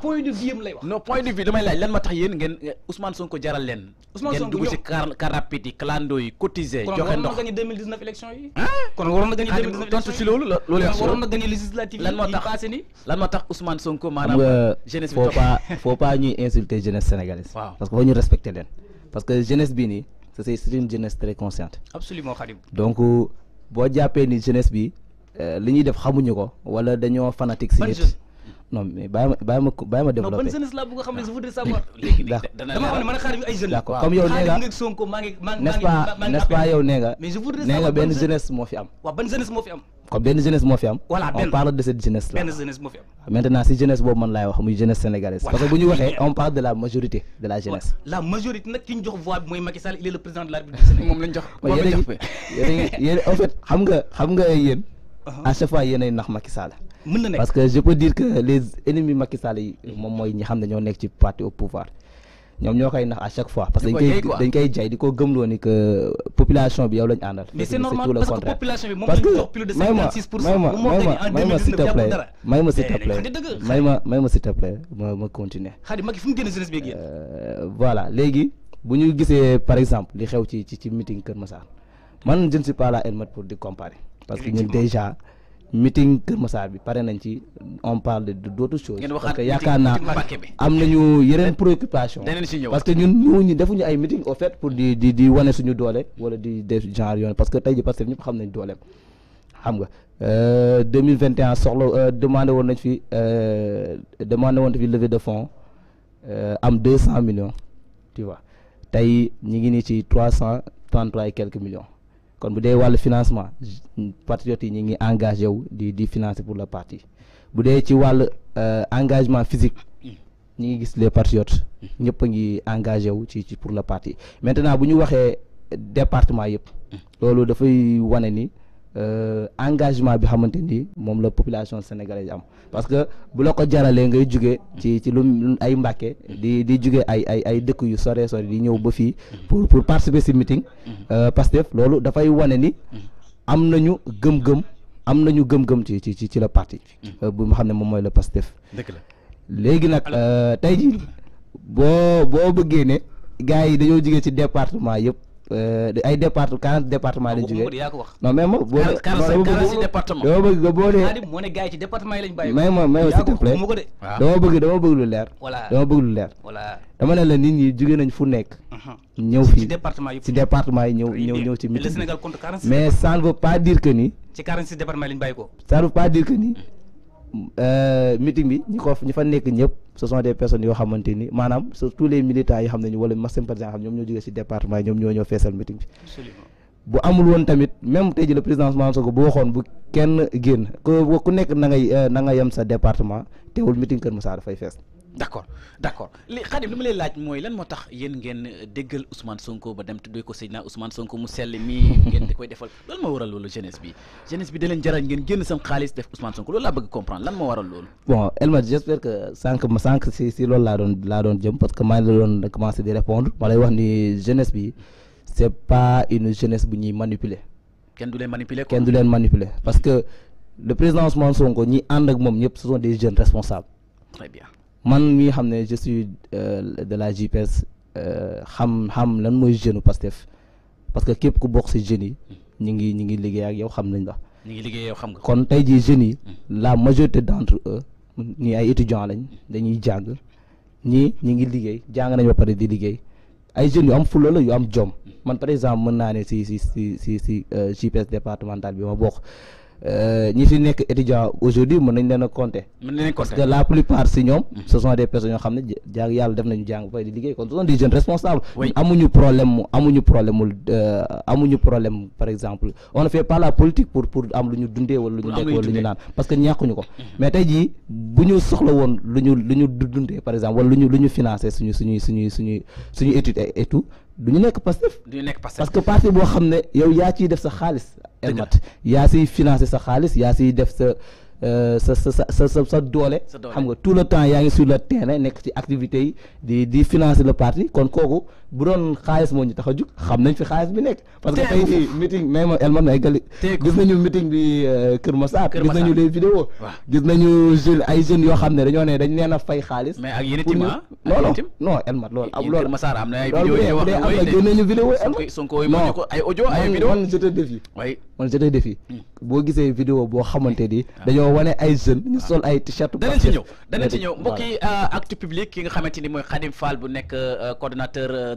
point de vue lay non point de vue damay lay lan ma tax yéen ngeen Ousmane Sonko jaral len Ousmane Sonko ngeen ci car rapide yi clando yi cotiser. joxe ndox kon 2019 élection yi. Hein? kon waroon na gagné 2019 tontu ci lolu lolu wax waroon na gagné législative lan ma tax lan ma tax Ousmane Sonko maanaam. jeunesse bi faut pas faut pas ñuy insulter jeunesse sénégalaise. parce que faut ñu respecter len parce que jeunesse bi ni c'est une jeunesse très consciente. absolument Khadim. donc bo jappé ni jeunesse bi euh, li ñuy def xamuñu ko wala dañoo fanatique si nit non mais bàyyi ma bàyyi ma bàyyi ma développé a xam ne je voudrais savoir léegi dama xam ne man xaar bi ay jeunes d'accord comme yow nee nga Sonko maa ngi maa benn jeunesse moo fi am waaw ban jeunesse moo fi am comme benn jeunesse moo on parle de cette jeunesse là benn ah, jeunesse boobu man laay wax muy jeunesse sénégalaise parce que bu ñu waxee on parle de la majorité de la jeunesse la majorité nag ki jox voix bi mooy Macky Sall il président de la République du Sénégal moom lañ xam nga xam nga yéen Uh-huh. à chaque fois yéenay nax Macky Sall. parce que je peux dire que les ennemis Macky Sall yi. moom ñi xam ñoo nekk ci parti au pouvoir ñom ñokay koy nax à chaque fois. parce que dañ koy dañ diko jaay ni que population bi yow lañ andal mais c'est normal parce que population bi mom la ñu plus de 56 pour cent. bu en 2019 jàpp dara may s'il te eh, plaît mayma ma s'il te plaît ma ma continuer. xaaral Macky fu mu génne jeunesse bi ak euh, voilà légui bu ñu gisee par exemple li xew ci ci meeting keur Massar man je ne suis pas là pour di comparer parce que ñun déjà meeting Kër Massar bi paré nañ ci on parle de d'autres choses. parce que yakarna am nañu yeneen préoccupation parce que ñun ñooñu defuñu ay meeting au fait pour di di di wane suñu doole wala di def genre yoon parce que tay ji parce que ñep xam nañ dooleem. xam nga 2021 euh, soxla euh, demandé won nañ fi euh, demandé won fi levée de fonds am 200 millions tu vois tay ñi ngi ni ci 333 et quelques millions kon bu avez le financement patriotes sont engagés ngi financer pour le parti Vous avez ci l'engagement euh, physique les patriotes sont engagés pour le parti maintenant vous avez le département yëpp loolu ni. Euh, engagement bi xamante ni moom la population sénégalaise am parce que bu la ko jaralee ngay jugee ci ci lu ay Mbàkke di di jugee ay ay ay dëkk yu sore sore di ñëw ba fii pour pour participer si meeting euh, Pastef loolu dafay wane ni am nañu gëm-gëm am nañu gëm-gëm ci ci ci la parti euh, bu ma xam ne moom mooy la Pastef dëgg la léegi nag tey ji boo boo bëggee ne gars yi dañoo jugee ci département yëpp Euh, ay départe quarante département lañ ah, jógee non mais moom boo dama bëgg nga boo dee may moom may s'il te plaît dama bëgg dama bëgg lu leer dama bëgg lu leer dama ne la nit ñi jóge nañ fu nekk uh-huh. ñëw fii ci département yi ñëw ñëw ñëw ci mitin mais ça ne veut pas dire que ni ci quarante six département lañ bàyyi ko ça ne veut pas dire que ni mm. Euh, meeting bi ñi ko ñi fa nekk ñëpp ce sont des yoo xamante ni maanaam surtout les militants yi xam nañu wala ma sympathisant xam ñoom ñoo jógee si département yi ñoom ñoo ñoo feesal meeting bi bu amul woon tamit même tey ji le président Ousmane Sonko bu waxoon bu kenn génn ku ku nekk na ngay euh, na nga yem sa département teewul meeting Kër Massar dafay fees D'accord, d'accord. d' accord li Khadim li ma lay laaj mooy lan moo tax yéen ngeen déggal Ousmane Sonko ba dem tuddee ko Seydina Ousmane Sonko mu sell mii ngeen di defal lan moo waral loolu jeunesse bi jeunesse bi da leen jaral ngeen génn sam xaalis def Ousmane Sonko loolu laa bëgg comprendre lan moo waral loolu. bon Elmad j' que sànq ma sànq si si loolu laa doon laa doon jëm parce que maa ngi la doon commencé di répondre ma lay wax ni jeunesse bi C'est pas une jeunesse bu ñuy manipuler. kenn du leen manipuler kenn parce que le président Ousmane Sonko ñi ànd ak moom ñëpp ce sont des jeunes responsables. très bien. man mi xam ne je suis euh, de la JPS euh, xam xam lan mooy jeune Pastef parce que képp ku bokk si jeunes yi ñu ngi ñu ngi liggéey ak yow xam nañ la. ñu ngi liggéey yow kon tey jii jeunes yi. Hmm. la majorité d' entre eux ñii ay étudiants lañ dañuy jàng ñii ñu ngi liggéey jàng nañu ba pare di liggéey ay jeunes yu am fulla la yu am jom hmm. man par exemple mën naa ne si si si si si JPS euh, départemental bi ma bokk. Euh, ñi fi nek étudiant aujourd'hui mën nañ leen a compter. parce que la plupart si ñom mm-hmm. ce sont des personnes yo xamné ne jàng def nañu jang fay di liggéey kon ce sont des jeunes responsables. amuñu problème amuñu problème euh amuñu problème par exemple on ne fait pas la politique pour pour am luñu dundé wala luñu ñu nekk wala lu ñu parce que ñàkkuñu ko. Mm-hmm. mais tay ji buñu soxla woon luñu luñu dundé par exemple wala luñu luñu financer suñu suñuy suñuy suñuy suñu étude et tout du nekk parce que parti boo xam a yow yaa ciy def sa xaalis. mat yaa financer sa xaalis yaa def euh, sa sa sa sa xam nga tout le temps yaa ngi sur le terrain nekk ci des di di financer le parti kon bu doon xaalis moo ñu tax a jug xam nañ fi xaalis bi nekk. parce que tey jii meeting may ma elman ay gali gis nañu meeting bi euh, Kër Massar. gis nañu les vidéos gis nañu jeunes ay jeunes yoo xam ne dañoo ne dañ leen a fay xaalis. mais ak yéen ah? itam non non elman loolu. am am na ay vidéos yi wax loolu nañu vidéo elman ay audio hmm. boo gisee vidéo boo xamante ni ah. dañoo wane ay jeunes ñu sol ay t-shirt. danañ ci ñëw danañ ci euh, public ki nga xamante ni mooy Khadim Fall bu nekk euh, coordonnateur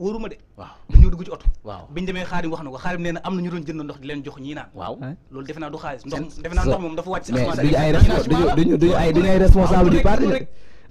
wóoruma de waaw dañoo dugg ci oto waaw biñu demee xaarim wax na ko xaarim nee na am na ñu doon jënd ndox di leen jox ñii naan waaw loolu defe naa du xaalis ndox defe naa ndox moom dafa wàcc si duñu ay duñu ay responsable du parti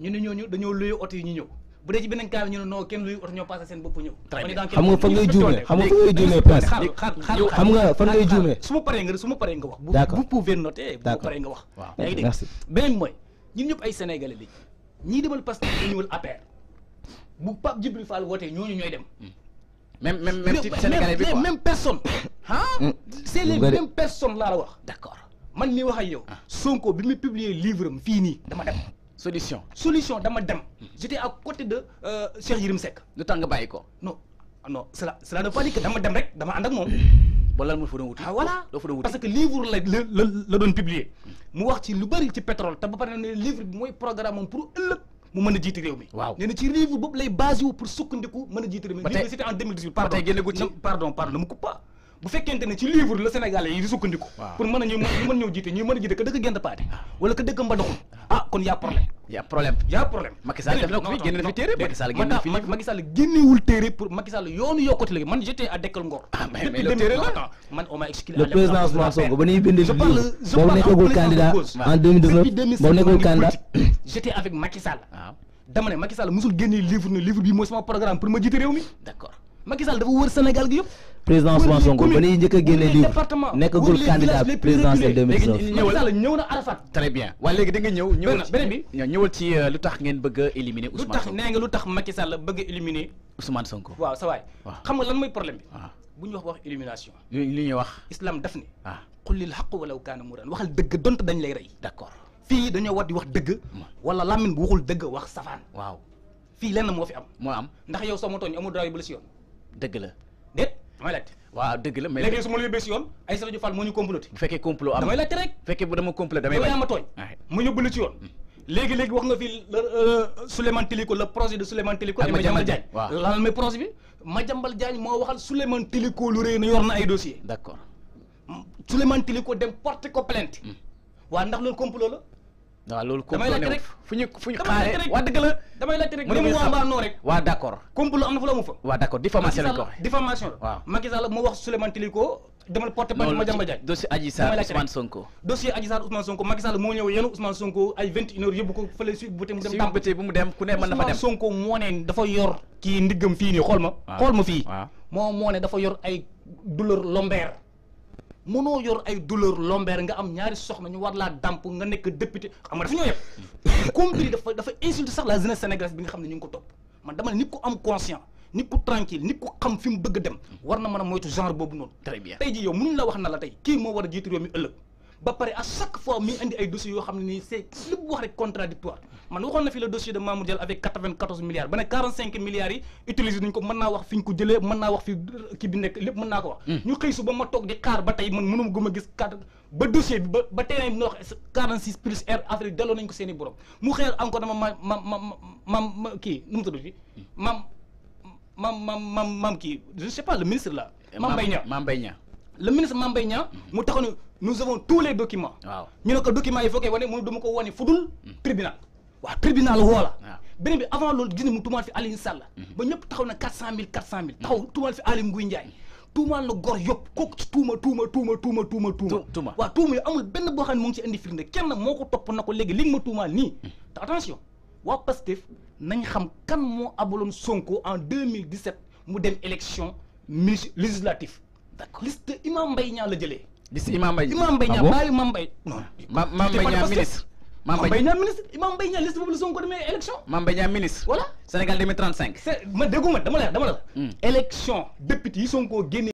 ñu ne ñooñu dañoo luyu oto yi ñu ñëw bu dee ci beneen cas bi ñu ne non kenn luyu oto ñoo passé seen bopp ñëw xam nga fan ngay juumee su ma paree nga su ma paree nga wax bu pouvez noter bu ma paree nga wax mooy ñëpp ay sénégalais lañ ñii demal parce que ñu ñëwal APR bu Pape Djibril Fall wootee ñooñu ñooy dem hmm. même même même type sénégalais bi quoi même personne ah c'est les mêmes laa la wax d'accord man mii wax ak yow ah. Sonko bi muy publier livre am fii nii dama dem solution solution madame, j'étais à côté de Sir euh, Yirim Seck Ne non ah non cela cela ne veut pas dire que dama dem rek dama ànd ak wala ah voilà parce que livre le, la publié, le publier mu wax ci pétrole Tu ba livre bi pour mu livre boobu lay pour sukkandiku c'était en 2018 pardon pardon pardon ne me coupe pas bu fekkente ne ci livre la sénégalais yi di sukkandiku pour mën a ñu mën ñëw jiite ñuy mën a jiite ka dëkk gent paate ah. wala ka dëkk mbadoxul ah. ah kon y' a problème y' a problème y' a problème Macky Sall def na ko fi génne man j'étais à Dekkal Ngor ah, le président Ousmane Sonko ba ñuy bind livre boobu sama programme pour ma jiite mi Macky dafa wër Sénégal gi yëpp. président Ousmane Sonko ba ñuy njëkk a génne lii nekkagul candidat présidentiel 2019. Macky Sall ñëw na Arafat. très bien wa léegi da nga ñëw. ñëw na beneen bi ñëwul ci euh, lutax ngeen bëgg éliminer Ousmane Sonko. lu tax nee nga lu tax bëgg éliminer Ousmane Sonko. waaw sa way xam nga lan moy problème bi. Ah. bu ñu wax wax élimination. li ñuy wax. islam daf ni. waaw ah. xullil xaq walaw kaana muran waxal dëgg donte dañ lay rey. d'accord fi dañu wadi wax dëgg. wala lamine bu waxul dëgg wax safane waaw fi lenn mo fi am. mo am ndax yow soo ma tooñ amul droit bu la si yoon deug la nit damay lacc waaw deug la mais legui su mo lay bes yoon ay sa lañu fal mo ñu complot bu fekke complot am damay lacc rek fekke bu dama complot damay lacc ma toy mu ñu bulu ci yoon hmm. legui legui wax nga fi euh, Suleiman Tiliko le projet de Suleiman Tiliko ma jambal jaay lan mais projet bi ma jambal jaay mo waxal Suleiman Tiliko lu reey na yor na ay dossier d'accord Suleiman Tiliko dem porter ko plainte hmm. wa ndax lool complot la waaw loolu damay laajte rek fu ñu fu ñu xaaree waa dëgg la damay laajte rek mu waa mbaa noo rek waa d' accord complot am na fu la amu fa waa d' diffamation lañ ko moo wax Souleymane Téliko demal porte plainte Madiambal Diagne dossier Adji Sarr Sonko dossier Adji Sarr Sonko Macky moo ñëw yenu Ousmane Sonko ay vingt une yóbbu ko fële suite bu mu mu dem ku ne mën na fa dem Sonko moo ne dafa yor kii ndiggam fii nii xool ma xool ma fii moom moo dafa yor ay douleur lombaire mënoo yor ay douleur lombaire nga am ñaari soxna ñu war laa dàmp nga nekk député am nga dafa ñoo yëpp mm. compris dafa dafa insulte sax la jeunesse sénégalaise bi nga xam ne ñu ngi ko topp man dama ne nit ku am conscient nit ku tranquille nit ku xam fi mu bëgg dem war na mën a moytu genre boobu noonu très bien tey ji yow mënuñ la wax na la tey kii moo war a jiitu réew mi ëllëg à chaque fois mi andi ay dossiers yo c'est contradictoire man le dossier de Mamour avec 94 milliards ba 45 milliards yi utiliser nañ ko mën na wax fiñ ko jëlé, mën na wax fi qui bi nek lepp mën na ko wax. Hmm. ñu ba ma di dossier ba 46 plus R, Afrique delloo nañ ko seeni mu encore dama ma je ne sais pas le ministre là. Eh, mam Mbaye le ministre Mam Mbaye hmm. mu nous avons tous les documents. waaw ñu a documents mu ko tribunal. Le hmm. tribunal waaw tribunal à la. waaw bi avant loolu aller une mu tuumaal fi Aliou Sall. Hmm. ba ñëpp taxaw na Tout le monde fait fi Tout le monde, la gor yop tout le monde, tuuma tuuma tuuma tuuma tuuma. monde. tuuma monde, amul benn ngi ci indi kenn est li nga hmm. attention waa Pastef nañ xam kan Sonko en 2017 mu dem élection législatif. d'accord liste Imam Mbaye la li si Imam Mbaye. Imam Mbaye Niang ah bàyyi Mame Mbaye. ministre. Mame Mbaye Niang ministre Imam Mbaye Niang liste demee élection. Mame Mbaye Niang ministre. voilà Sénégal 2035. ma déggu ma dama la dama la. Hmm. élection député yi Sonko génnee.